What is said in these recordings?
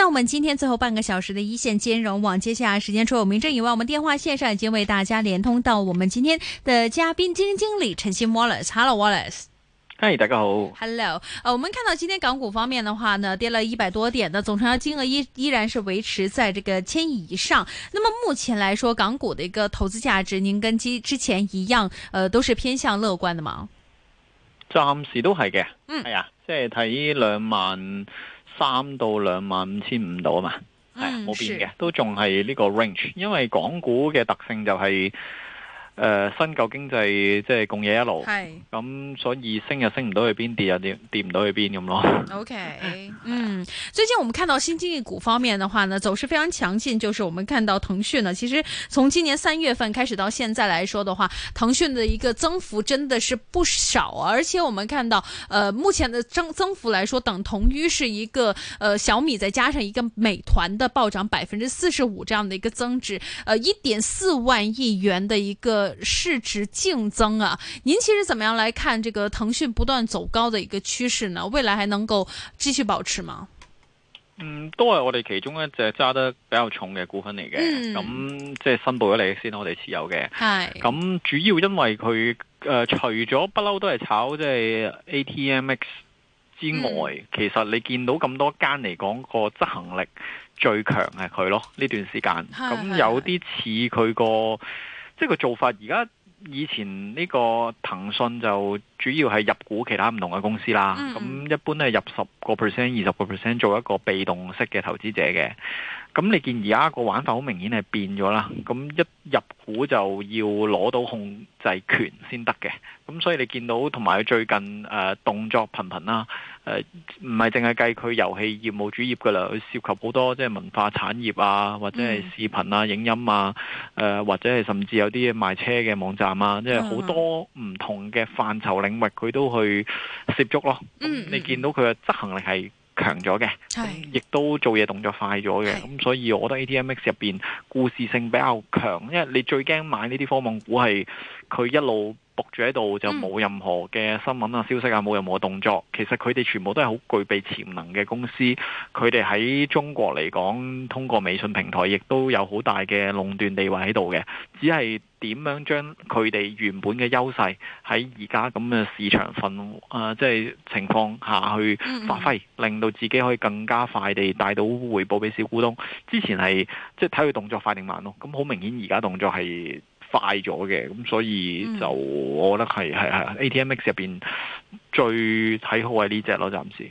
那我們今天最後半個小時的一線金融網，接下來時間除有名證以外，我們電話線上已經為大家連通到我們今天的嘉賓基金經理陳昕 Wallace。Hello Wallace，嗨，hey, 大家好。Hello，呃、啊，我們看到今天港股方面的話呢，跌了一百多點的，總成交金額依依然是維持在這個千億以上。那麼目前來說，港股的一個投資價值，您跟之之前一樣，呃，都是偏向樂觀的嗎？暫時都係嘅，嗯，係、哎、啊，即係睇兩萬三到兩萬五千五度啊嘛，係啊，冇變嘅，都仲係呢個 range，因為港股嘅特性就係、是。呃新舊經濟即係共冶一爐，係咁所以升又升唔到去邊，跌又跌跌唔到去邊咁咯。O K，嗯，最近我們看到新經濟股方面的話呢，走勢非常強勁。就是我們看到騰訊呢，其實從今年三月份開始到現在來說的話，騰訊的一個增幅真的是不少啊。而且我們看到，呃目前的增增幅來說，等同於是一個呃小米再加上一個美團的暴漲百分之四十五這樣的一個增值，呃一點四萬億元的一個。市值競爭啊！您其實怎麼樣來看這個騰訊不斷走高的一個趨勢呢？未來還能夠繼續保持嗎？嗯，都係我哋其中一隻揸得比較重嘅股份嚟嘅。咁、嗯、即係申報咗利益先，我哋持有嘅。係。咁主要因為佢誒、呃，除咗不嬲都係炒即係 ATMX 之外，嗯、其實你見到咁多間嚟講、嗯，這個執行力最強係佢咯。呢段時間咁有啲似佢個。即係個做法，而家以前呢個騰訊就主要係入股其他唔同嘅公司啦。咁、嗯嗯、一般係入十個 percent、二十個 percent 做一個被動式嘅投資者嘅。咁你見而家個玩法好明顯係變咗啦。咁一入股就要攞到控制權先得嘅。咁所以你見到同埋佢最近誒、呃、動作頻頻啦。誒、呃，唔係淨係計佢遊戲業務主業噶啦，佢涉及好多即係文化產業啊，或者係視頻啊、影音啊，誒、呃，或者係甚至有啲賣車嘅網站啊，即係好多唔同嘅範疇領域，佢都去涉足咯、嗯嗯。你見到佢嘅執行力係強咗嘅，亦都做嘢動作快咗嘅。咁、嗯、所以我覺得 ATMX 入邊故事性比較強，因為你最驚買呢啲科網股係佢一路焗住喺度就冇任何嘅新聞啊、消息啊、冇任何動作。其實佢哋全部都係好具備潛能嘅公司，佢哋喺中國嚟講，通過微信平台亦都有好大嘅壟斷地位喺度嘅。只係點樣將佢哋原本嘅優勢喺而家咁嘅市場份啊、呃，即係情況下去發揮、嗯，令到自己可以更加快地帶到回報俾小股東。之前係即係睇佢動作快定慢咯。咁好明顯，而家動作係。快咗嘅，咁所以就我覺得係係係 ATMX 入邊最睇好係呢隻咯，暫時。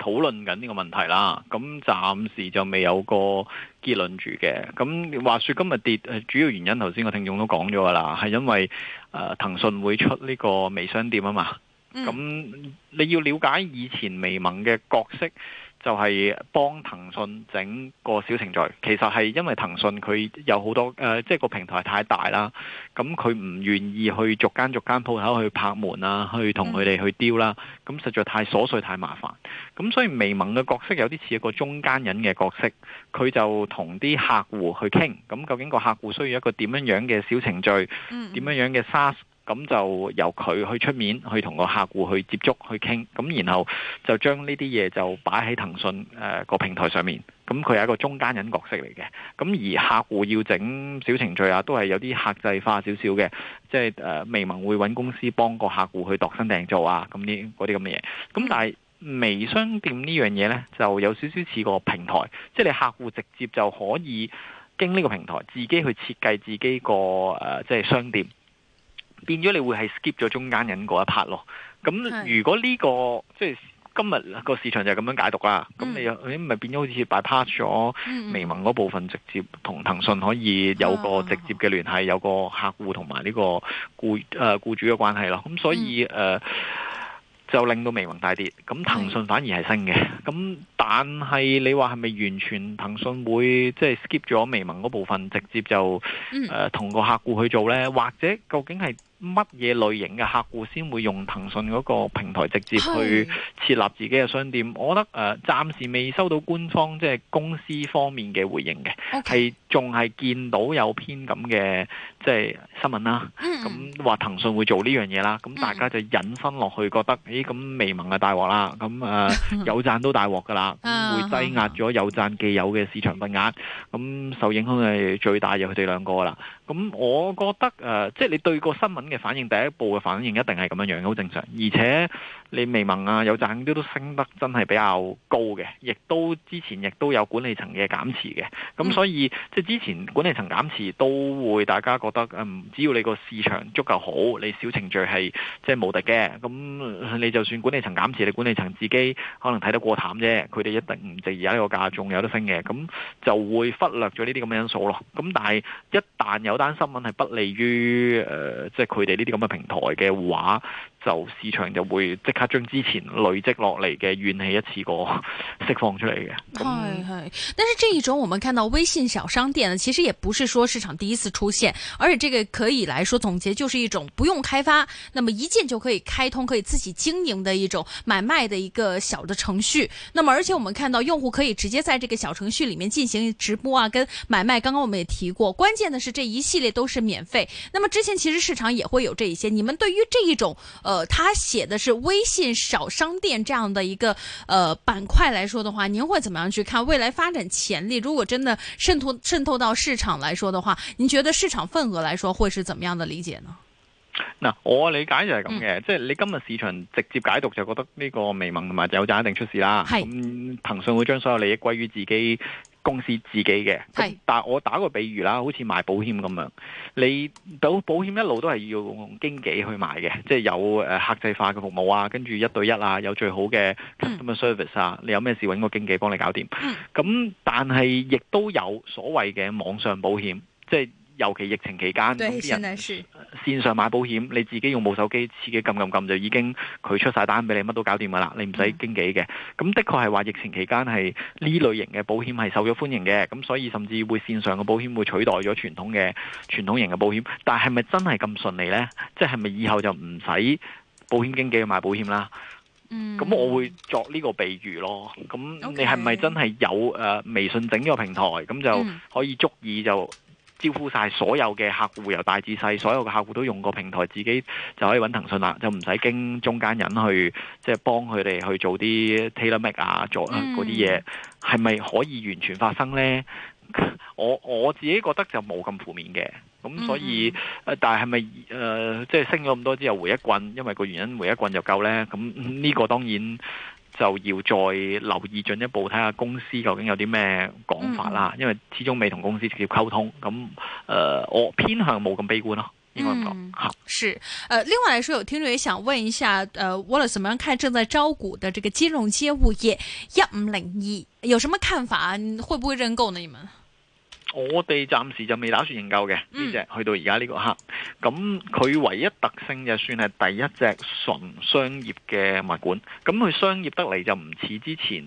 討論緊呢個問題啦，咁暫時就未有個結論住嘅。咁話說今日跌，主要原因頭先個聽眾都講咗㗎啦，係因為誒騰訊會出呢個微商店啊嘛。咁你要了解以前微盟嘅角色。就係、是、幫騰訊整個小程序，其實係因為騰訊佢有好多誒，即、呃、係、就是、個平台太大啦，咁佢唔願意去逐間逐間鋪頭去拍門啊，去同佢哋去雕啦、嗯，咁實在太瑣碎太麻煩。咁所以微盟嘅角色有啲似一個中間人嘅角色，佢就同啲客戶去傾，咁究竟個客戶需要一個點樣樣嘅小程序，點、嗯、樣樣嘅 SaaS。咁就由佢去出面去同個客戶去接觸去傾，咁然後就將呢啲嘢就擺喺騰訊誒個平台上面。咁佢係一個中間人角色嚟嘅。咁而客戶要整小程序啊，都係有啲客製化少少嘅，即係誒微盟會搵公司幫個客戶去度身訂造啊，咁啲嗰啲咁嘅嘢。咁但係微商店呢樣嘢呢，就有少少似個平台，即係你客戶直接就可以經呢個平台自己去設計自己個誒、呃、即係商店。變咗你會係 skip 咗中間人嗰一 part 咯，咁如果呢、這個即係今日個市場就咁樣解讀啦，咁、嗯、你你咪變咗好似 bypass 咗微盟嗰部分直接同騰訊可以有個直接嘅聯繫，有個客戶同埋呢個雇誒雇主嘅關係咯，咁所以誒、嗯呃、就令到微盟大跌，咁騰訊反而係升嘅，咁但係你話係咪完全騰訊會即係 skip 咗微盟嗰部分直接就誒同個客戶去做呢？或者究竟係？乜嘢類型嘅客戶先會用騰訊嗰個平台直接去設立自己嘅商店？我覺得誒暫、呃、時未收到官方即係公司方面嘅回應嘅，係仲係見到有篇咁嘅即係新聞、啊嗯嗯嗯、啦。咁話騰訊會做呢樣嘢啦，咁、嗯、大家就引申落去，覺得誒咁、哎、微盟係大鑊啦，咁、嗯、誒、呃、有贊都大鑊噶啦，會擠壓咗有贊既有嘅市場份額，咁、嗯嗯嗯、受影響係最大就佢哋兩個啦。咁、嗯、我覺得誒、呃、即係你對個新聞。嘅反應第一步嘅反應，一定係咁樣樣，好正常，而且。你微盟啊，有賺啲都升得真係比較高嘅，亦都之前亦都有管理層嘅減持嘅。咁所以即係、嗯、之前管理層減持都會大家覺得、嗯、只要你個市場足夠好，你小程序係即係無敵嘅。咁你就算管理層減持，你管理層自己可能睇得過淡啫，佢哋一定唔值而家呢個價，仲有得升嘅。咁就會忽略咗呢啲咁嘅因素咯。咁但係一旦有單新聞係不利於即係佢哋呢啲咁嘅平台嘅話，就市場就會即他將之前累積落嚟嘅怨氣，一次過釋放出嚟嘅。係係，但是這一種我們看到微信小商店，其實也不是說市場第一次出現，而且這個可以來說總結就是一種不用開發，那麼一鍵就可以開通，可以自己經營的一種買賣的一個小的程序。那麼而且我們看到用戶可以直接在這個小程序裡面進行直播啊，跟買賣。剛剛我們也提過，關鍵的是這一系列都是免費。那麼之前其實市場也會有這一些。你們對於這一種呃，他寫的是微信少商店這樣的一個，呃板塊來說的話，您會怎麼樣去看未來發展潛力？如果真的滲透滲透到市場來說的話，您覺得市場份額來說會是怎麼樣的理解呢？嗱，我理解就係咁嘅，即係你今日市場直接解讀就覺得呢個微盟同埋有贊一定出事啦。係，咁騰訊會將所有利益歸於自己。公司自己嘅，但我打個比喻啦，好似賣保險咁樣，你保保險一路都係要用經紀去買嘅，即係有誒客製化嘅服務啊，跟住一對一啊，有最好嘅 customer service 啊，嗯、你有咩事揾個經紀幫你搞掂。咁、嗯、但係亦都有所謂嘅網上保險，即係。尤其疫情期間，啲人線上買保險，你自己用部手機自己撳撳撳，就已經佢出晒單俾你，乜都搞掂噶啦，你唔使經紀嘅。咁、嗯，那的確係話，疫情期間係呢類型嘅保險係受咗歡迎嘅。咁所以甚至會線上嘅保險會取代咗傳統嘅傳統型嘅保險，但係咪真係咁順利咧？即係咪以後就唔使保險經紀去買保險啦？咁、嗯、我會作呢個比喻咯。咁你係咪真係有誒、呃、微信整個平台咁就可以足以就？嗯就招呼晒所有嘅客戶，由大至細，所有嘅客戶都用個平台，自己就可以揾騰訊啦，就唔使經中間人去，即係幫佢哋去做啲 telemarketing 啊，做嗰啲嘢，係、嗯、咪可以完全發生呢？我我自己覺得就冇咁負面嘅，咁所以，嗯、但係係咪誒，即、呃、係、就是、升咗咁多之後回一棍，因為個原因回一棍就夠呢？咁呢個當然。嗯就要再留意進一步睇下公司究竟有啲咩講法啦，嗯，因為始終未同公司直接溝通，咁誒、呃，我偏向冇咁悲觀咯，應該咁講。好、嗯，是誒、呃，另外來說，有聽眾也想問一下，誒，Wallace，怎麼樣看正在招股的這個金融街物業一五零一，有什麼看法？會不會認購呢？你們？我哋暫時就未打算研究嘅呢隻，去、嗯、到而家呢個刻，咁佢唯一特性就算係第一隻純商業嘅物管，咁佢商業得嚟就唔似之前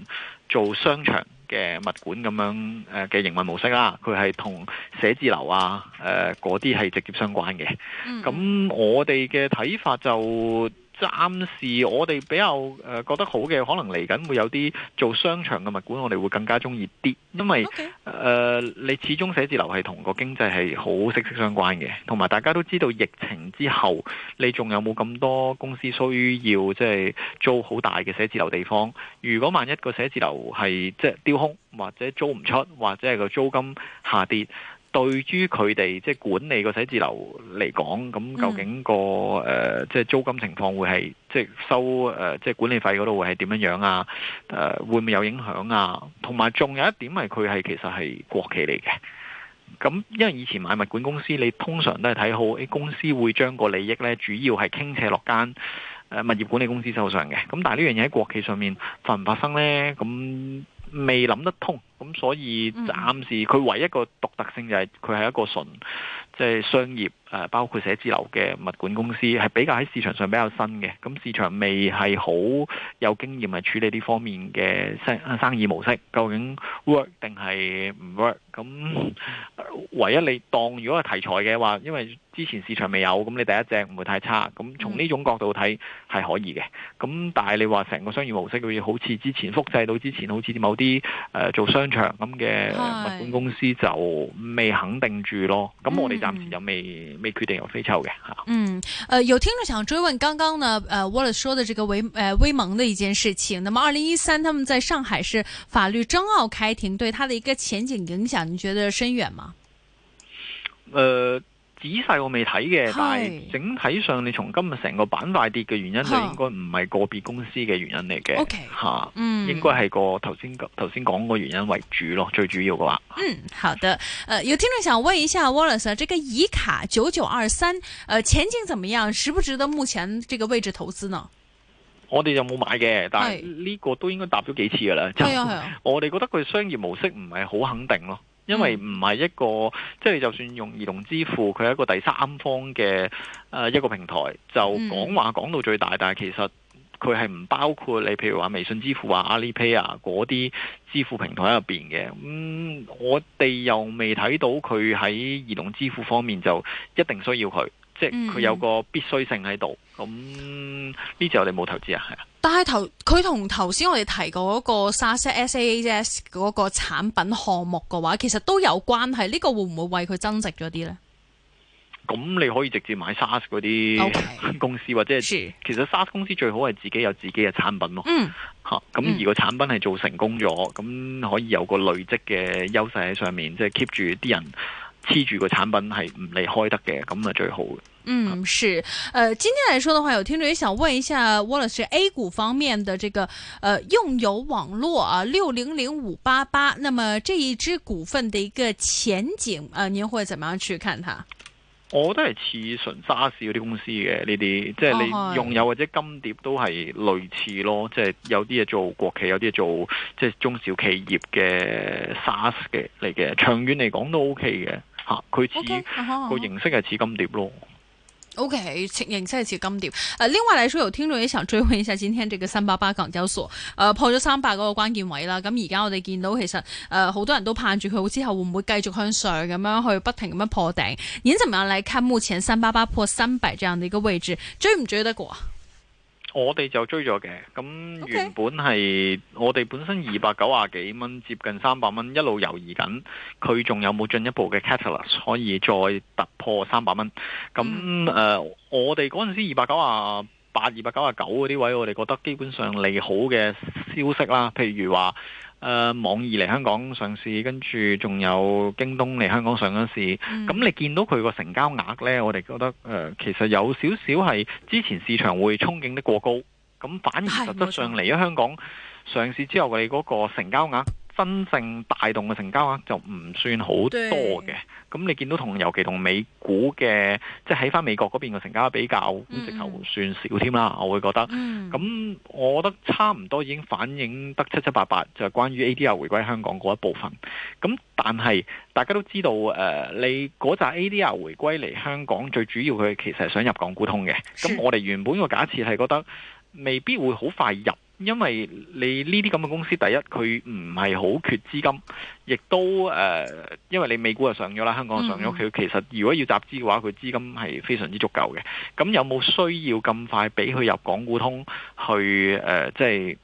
做商場嘅物管咁樣嘅、呃、營運模式啦，佢係同寫字樓啊誒嗰啲係直接相關嘅。咁、嗯、我哋嘅睇法就。暫時我哋比較誒覺得好嘅，可能嚟緊會有啲做商場嘅物管，我哋會更加鍾意啲，因為誒、Okay。呃、你始終寫字樓係同個經濟係好息息相關嘅，同埋大家都知道疫情之後，你仲有冇咁多公司需要即係租好大嘅寫字樓地方？如果萬一個寫字樓係即係丟空，或者租唔出，或者係個租金下跌。對於佢哋即係管理個寫字樓嚟講，咁究竟個誒、呃、即係租金情況會係即係收誒、呃、即係管理費嗰度會係點樣樣啊？誒、呃、會唔會有影響啊？同埋仲有一點係佢係其實係國企嚟嘅，咁因為以前買物管公司，你通常都係睇好啲公司會將個利益呢主要係傾斜落間。物業管理公司手上嘅。咁但係呢樣嘢喺國企上面發唔發生呢？咁未諗得通，咁所以暫時佢唯一一個獨特性就係佢係一個純即係、就是、商業。誒包括寫字樓嘅物管公司係比較喺市場上比較新嘅，咁市場未係好有經驗去處理呢方面嘅生生意模式，究竟 work 定係唔 work？咁唯一你當如果係題材嘅話，因為之前市場未有，咁你第一隻唔會太差。咁從呢種角度睇係、嗯、可以嘅。咁但係你話成個商業模式會好似之前複製到之前，好似某啲誒、呃、做商場咁嘅物管公司就未肯定住咯。咁我哋暫時又未。嗯嗯。未決定用飛鏟嘅嚇。嗯，呃，有聽眾想追問，剛剛呢，呃，Wallace 說的這個威，呃，威盟的一件事情。那麼，二零一三，他們在上海是法律爭拗開庭，對他的一個前景影響，您覺得深遠嗎？呃。仔細我未睇嘅，但係整體上你從今日成個板塊跌嘅原因就應該唔係個別公司嘅原因嚟嘅，吓、okay，嗯，應該係個頭先頭先講個原因為主咯，最主要嘅話。嗯，好的。誒、呃，有聽眾想問一下 Wallace，這個以卡九九二三，誒，前景怎麼樣？值不值得目前這個位置投資呢？我哋就冇買嘅，但係呢個都應該答咗幾次噶啦。係啊係啊，我哋覺得佢商業模式唔係好肯定咯。因為唔係一個即係，就是，就算用移動支付，佢係一個第三方嘅，誒一個平台，就講話講到最大，但係其實佢係唔包括你，譬如話微信支付啊、Alipay 啊嗰啲支付平台喺入邊嘅。咁、嗯、我哋又未睇到佢喺移動支付方面就一定需要佢，即係佢有個必須性喺度。嗯咁呢隻我哋冇投資啊，係啊。但係頭佢同頭先我哋提過嗰個 sa SaaS 嗰個產品項目嘅話，其實都有關係。呢、這個會唔會為佢增值咗啲呢？咁你可以直接買 SaaS 嗰啲公司，Okay. 或者係，其實 SaaS 公司最好係自己有自己嘅產品咯。嗯，吓咁而個產品係做成功咗，咁、嗯、可以有個累積嘅優勢喺上面，即係 keep 住啲人。黐住個產品係唔離開得嘅，咁啊最好嘅。嗯，是，呃，今天嚟說嘅話，有聽眾想問一下 Wallace，A 股方面的這個，呃，用友網絡啊，六零零五八八，那麼這一支股份的一個前景，啊、呃，您會怎麼樣去看它？我覺得係似純 SaaS 嗰啲公司嘅呢啲，即係你用友或者金蝶都係類似咯，哦、即係有啲嘢做國企，有啲係做即係中小企業嘅 SaaS 嘅嚟嘅，長遠嚟講都 OK 嘅。吓，佢似個形式係似金蝶咯。O、okay, K，形式係似金蝶誒、呃，另外來說，有聽眾也想追問一下，今天這個三八八港交所，誒、呃，破咗三百嗰個關鍵位啦。咁而家我哋見到其實誒，好、呃、多人都盼住佢好之後會唔會繼續向上咁樣去不停咁樣破頂。您怎麼樣來看目前三八八破三百這樣的一個位置，追唔追得過？我哋就追咗嘅，咁原本係、okay. 我哋本身二百九啊幾蚊，接近三百蚊，一路猶豫緊，佢仲有冇進一步嘅 catalyst 可以再突破三百蚊？咁誒、mm. 呃，我哋嗰陣時二百九啊。八二百九啊九嗰啲位，我哋覺得基本上利好嘅消息啦。譬如話，誒、呃、網易嚟香港上市，跟住仲有京東嚟香港上咗市。咁、嗯嗯、你見到佢個成交額咧，我哋覺得誒、呃、其實有少少係之前市場會憧憬得過高，咁反而實質上嚟咗香港上市之後，佢嗰個成交額。真正帶動嘅成交額就唔算好多嘅，咁你見到同尤其同美股嘅，即係喺翻美國嗰邊嘅成交比較，咁、嗯、直頭算少添啦。我會覺得，咁、嗯、我覺得差唔多已經反映得七七八八，就係、是、關於 ADR 回歸香港嗰一部分。咁但係大家都知道，呃、你嗰扎 ADR 回歸嚟香港，最主要佢其實係想入港股通嘅。咁我哋原本個假設係覺得未必會好快入。因為你呢啲咁嘅公司，第一佢唔係好缺資金，亦都誒、呃，因為你美股就上咗啦，香港就上咗，佢、嗯、其實如果要集資嘅話，佢資金係非常之足夠嘅。咁有冇需要咁快俾佢入港股通去誒，即、呃、係、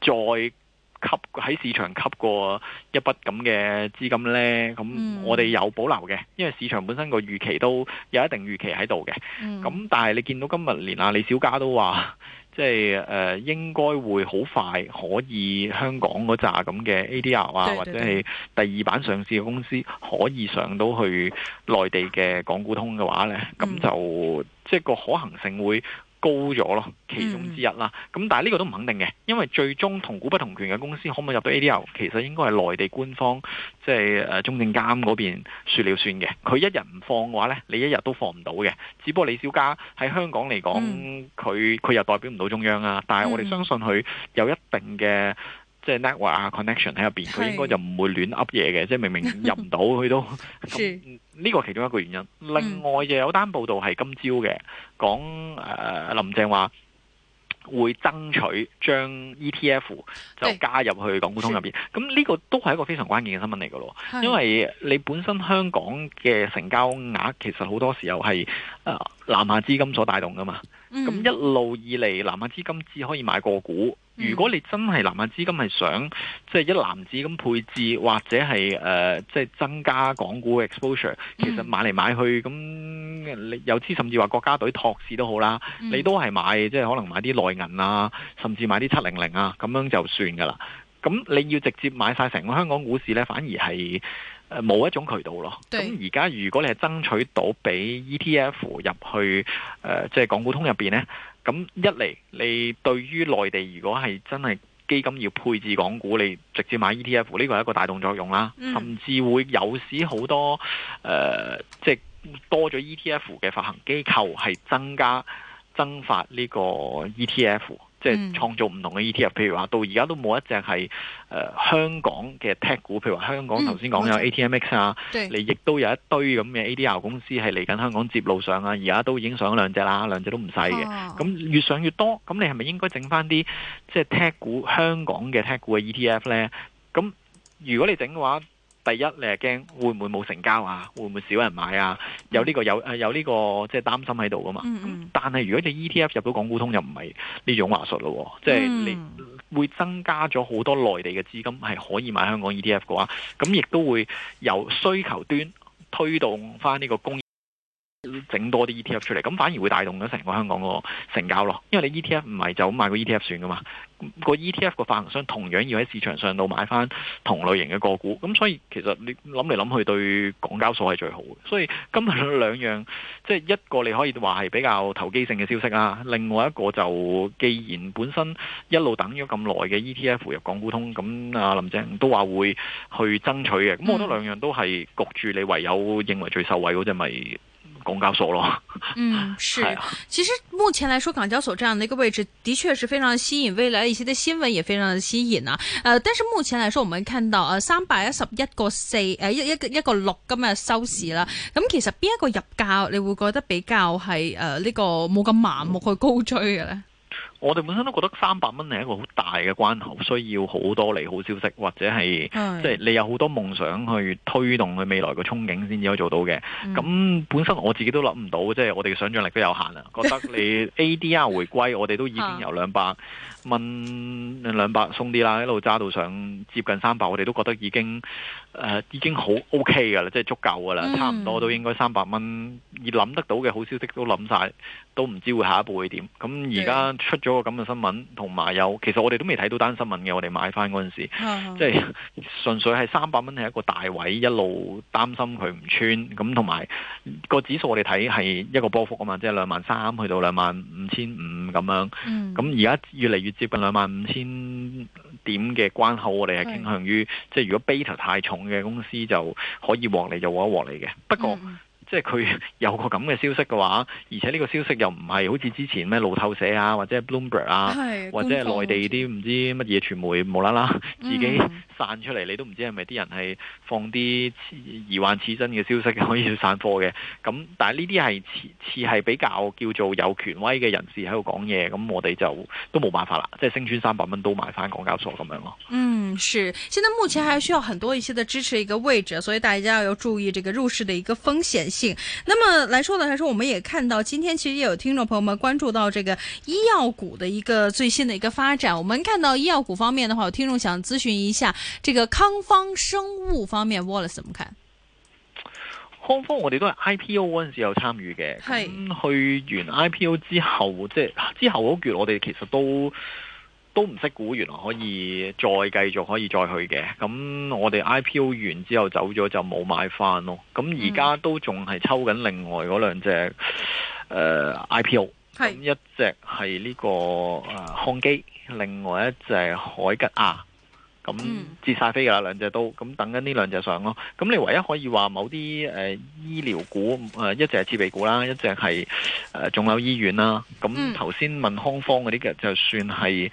就是、再吸喺市場吸過一筆咁嘅資金呢？咁我哋有保留嘅，因為市場本身個預期都有一定預期喺度嘅。咁、嗯、但係你見到今日連阿李小加都話，即係誒，應該會好快可以香港嗰扎咁嘅 ADR 啊，或者係第二板上市嘅公司，可以上到去內地嘅港股通嘅話咧，咁、嗯、就即係、就是、個可行性會。高咗咯，其中之一啦。咁但係呢個都唔肯定嘅，因為最終同股不同權嘅公司可唔可以入到 A D O，其實應該係內地官方即係誒中證監嗰邊說了算嘅。佢一日唔放嘅話呢，你一日都放唔到嘅。只不過李小加喺香港嚟講，佢佢又代表唔到中央啊。但係我哋相信佢有一定嘅即係 network 啊 connection 喺入邊，佢應該就唔會亂 up 嘢嘅。即係明明入唔到，佢都。呢、個其中一個原因，另外又有單報道係今朝嘅，講、嗯呃、林鄭話會爭取將 ETF 就加入去港股通入邊，咁呢、嗯個都係一個非常關鍵嘅新聞嚟嘅咯，因為你本身香港嘅成交額其實好多時候係南下資金所帶動噶嘛？咁、嗯、一路以嚟，南下資金只可以買個股。如果你真係南下資金係想，即、嗯、係、就是、一籃子咁配置或者係即係增加港股嘅 exposure，、嗯、其實買嚟買去，咁你有啲甚至話國家隊託市都好啦，嗯、你都係買，即、就、係、是、可能買啲內銀啊，甚至買啲七零零啊，咁樣就算噶啦。咁你要直接買晒成個香港股市呢，反而係。冇一種渠道咯。咁而家如果你係爭取到俾 ETF 入去，即係、呃就是、港股通入面呢，咁一嚟你對於內地如果係真係基金要配置港股，你直接買 ETF，呢個係一個大動作用啦。嗯、甚至會有時好多誒，即、呃、係、就是、多咗 ETF 嘅發行機構係增加增發呢個 ETF。即係創造唔同嘅 ETF，譬如話到而家都冇一隻係誒、呃、香港嘅 Tech 股，譬如話香港頭先講有 ATMX 啊，嗯、你亦都有一堆咁嘅 ADR 公司係嚟緊香港接路上啊，而家都已經上咗兩隻啦，兩隻都唔細嘅，咁、哦嗯、越上越多，咁、嗯、你係咪應該整返啲即係 Tech 股香港嘅 Tech 股嘅 ETF 呢？咁、嗯、如果你整嘅話，第一，你係驚會唔會冇成交啊？會唔會少人買啊？有呢個有誒有呢個即係擔心喺度噶嘛？Mm-hmm. 但係如果你 ETF 入到港股通，又唔係呢種話術咯。即係你會增加咗好多內地嘅資金係可以買香港 ETF 嘅話，咁亦都會由需求端推動翻呢個供。整多啲 E T F 出嚟，咁反而會帶動咗成個香港個成交咯。因為你 E T F 唔係就咁買個 E T F 算噶嘛，個 E T F 個發行商同樣要喺市場上度買翻同類型嘅個股，咁所以其實你諗嚟諗去，對港交所係最好嘅。所以今日兩樣，即係一個你可以話係比較投機性嘅消息啊，另外一個就既然本身一路等咗咁耐嘅 E T F 入港股通，咁阿林鄭都話會去爭取嘅，咁我覺得兩樣都係焗住你唯有認為最受惠嗰隻咪，港交所咯， 嗯，是，其實目前來說港交所這樣的一、這個位置的確是非常吸引，未來一些的新聞也非常的吸引啊。呃，但是目前來說我們看到呃三百一十一個四誒一一個一個六今日收市啦，咁其實邊一個入價你會覺得比較係誒呢個冇咁盲目去高追嘅咧？我哋本身都覺得三百蚊係一個好大嘅關口，需要好多利好消息，或者係即係你有好多夢想去推動佢未來嘅憧憬先至可以做到嘅。咁、嗯、本身我自己都諗唔到，即係我哋嘅想象力都有限啦。覺得你 ADR 回歸，我哋都已經由兩百蚊兩百鬆啲啦，一路揸到上接近三百，我哋都覺得已經，誒、呃，已經好 OK 噶啦，即係足夠噶啦，差唔多都應該三百蚊。而諗得到嘅好消息都諗晒，都唔知道會下一步會點。咁而家出咗個咁嘅新聞，同埋有，其實我哋都未睇到單新聞嘅，我哋買翻嗰陣時候，即、嗯、係、就是嗯、純粹係三百蚊係一個大位，一路擔心佢唔穿。咁同埋個指數我哋睇係一個波幅啊嘛，即係兩萬三去到兩萬五千五咁樣。咁而家越嚟越接近兩萬五千點嘅關口，我哋係傾向於即係如果 beta 太重。嘅公司就可以獲利，就獲一獲利嘅。不過即係佢有個咁嘅消息嘅話，而且呢個消息又唔係好似之前咩路透社啊，或者係 Bloomberg 啊，或者係內地啲唔知乜嘢傳媒無啦啦自己散出嚟，你都唔知係咪啲人係放啲疑幻似真嘅消息可以散貨嘅。咁、嗯、但係呢啲係似係比較叫做有權威嘅人士喺度講嘢，咁我哋就都冇辦法啦，即、就、係、是、升穿三百蚊都買翻港交所咁樣咯。嗯，是。現在目前還需要很多一些的支持一個位置，所以大家要注意這個入市的一個風險性。那麼來說呢，來說我們也看到今天其實也有聽眾朋友們關注到這個醫藥股的一個最新的一個發展。我們看到醫藥股方面的話，有聽眾想諮詢一下這個康方生物方面，Wallace 怎麼看？康方我哋都係 IPO 嗰陣時有參與嘅，係去完 IPO 之後，即、就、係、是、之後嗰段我哋其實都。都唔識估，原來可以再繼續可以再去嘅。咁我哋 IPO 完之後走咗就冇買返咯。咁而家都仲係抽緊另外嗰兩隻、嗯呃、IPO，一隻係呢、這個康、呃、基，另外一隻海吉亞。咁截晒飛㗎啦，兩隻都。咁等緊呢兩隻上咯。咁你唯一可以話某啲誒、呃、醫療股，呃、一隻係設備股啦，一隻係腫瘤醫院啦。咁頭先問康方嗰啲嘅，就算係。嗯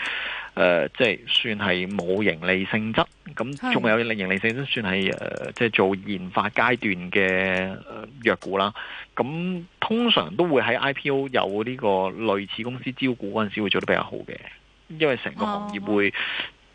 誒、呃，即係算係冇盈利性質，咁仲有零盈利性質，算係誒、呃，即係做研發階段嘅藥、呃、股啦。咁通常都會喺 IPO 有呢個類似公司招股嗰陣時，會做得比較好嘅，因為成個行業會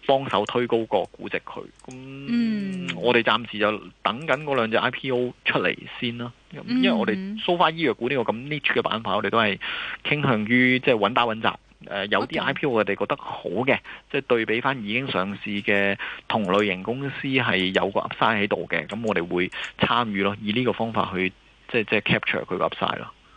幫手推高個估值佢。咁我哋暫時就等緊嗰兩隻 IPO 出嚟先啦。咁因為我哋 so far 醫藥股呢個咁 niche 嘅板塊，我哋都係傾向於即係穩打穩紮。誒、呃、有啲 IPO 我哋覺得好嘅，okay。即係對比翻已經上市嘅同類型公司係有個 Upside 喺度嘅，咁我哋會參與咯，以呢個方法去即係即係 capture 佢個 Upside 咯。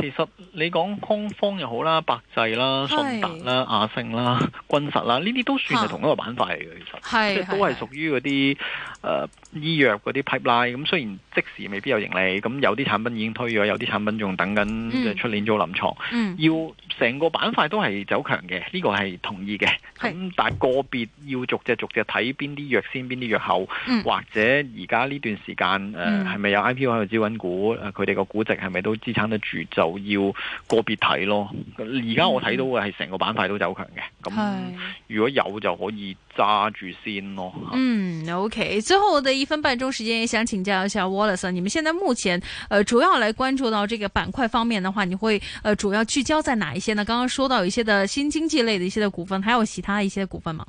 其實你講康方又好白啦、百濟啦、順達啦、亞勝啦、君實啦，呢啲都算係同一個板塊嚟嘅、啊。其實即係都係屬於嗰啲誒醫藥嗰啲 pipeline。咁雖然即時未必有盈利，咁有啲產品已經推咗，有啲產品仲等緊出年做臨床。嗯、要成個板塊都係走強嘅，呢、呢個係同意嘅。咁但係個別要逐隻逐隻睇邊啲藥先、邊啲藥後，嗯、或者而家呢段時間係咪、呃、有 IPO 喺度招緊股？佢哋個估值係咪都支撐得住就？要個別睇咯，而家我睇到嘅係成個板塊都走強嘅，咁如果有就可以揸住先咯。嗯，OK，最後我的一分半鐘時間，也想請教一下 Wallace，你們現在目前，呃，主要來關注到這個板塊方面的話，你會，呃，主要聚焦在哪一些呢？剛剛說到一些的新經濟類的一些的股份，還有其他一些股份嗎？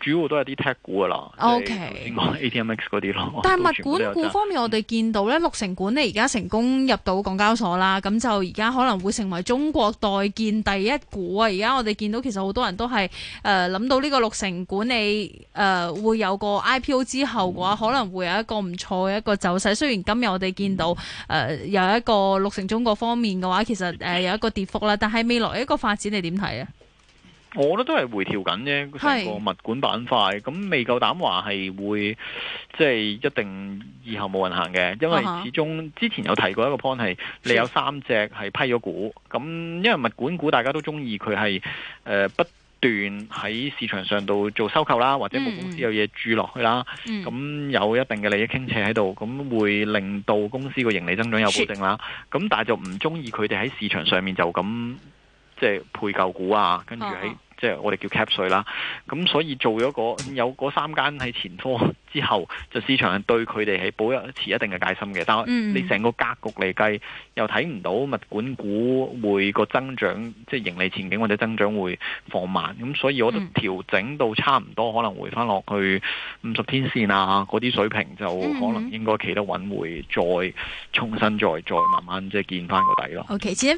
主要都係啲 tech 股噶啦，O K，A T M X 嗰啲咯。但係物管股方面，我哋見到咧、嗯，綠城管理而家成功入到港交所啦，咁就而家可能會成為中國代建第一股啊！而家我哋見到其實好多人都係誒諗到呢個綠城管理誒、呃、會有個 I P O 之後嘅話、嗯，可能會有一個唔錯嘅一個走勢。雖然今日我哋見到、嗯呃、有一個綠城中國方面嘅話，其實、呃、有一個跌幅啦，但係未來一個發展你點睇啊？我覺得都係回調緊啫，成個物管板塊咁未夠膽話係會即係、就是、一定以後冇運行嘅，因為始終之前有提過一個 point 係，uh-huh. 你有三隻係批咗股，咁因為物管股大家都中意佢係不斷喺市場上度做收購啦，或者個公司有嘢注落去啦，咁、uh-huh. 有一定嘅利益傾斜喺度，咁會令到公司個盈利增長有保證啦。咁、uh-huh. 但係就唔中意佢哋喺市場上面就咁即係配購股啊，跟住喺。即係我哋叫 cap 稅啦，咁所以做咗個有嗰三間喺前科之後，就市場係對佢哋係保持一定嘅戒心嘅。但係你成個格局嚟計，又睇唔到物管股會個增長，即係盈利前景或者增長會放慢。咁所以我就調整到差唔多，可能回翻落去五十天線啊嗰啲水平，就可能應該企得穩，會再重新再再慢慢即係見翻個底咯。Okay.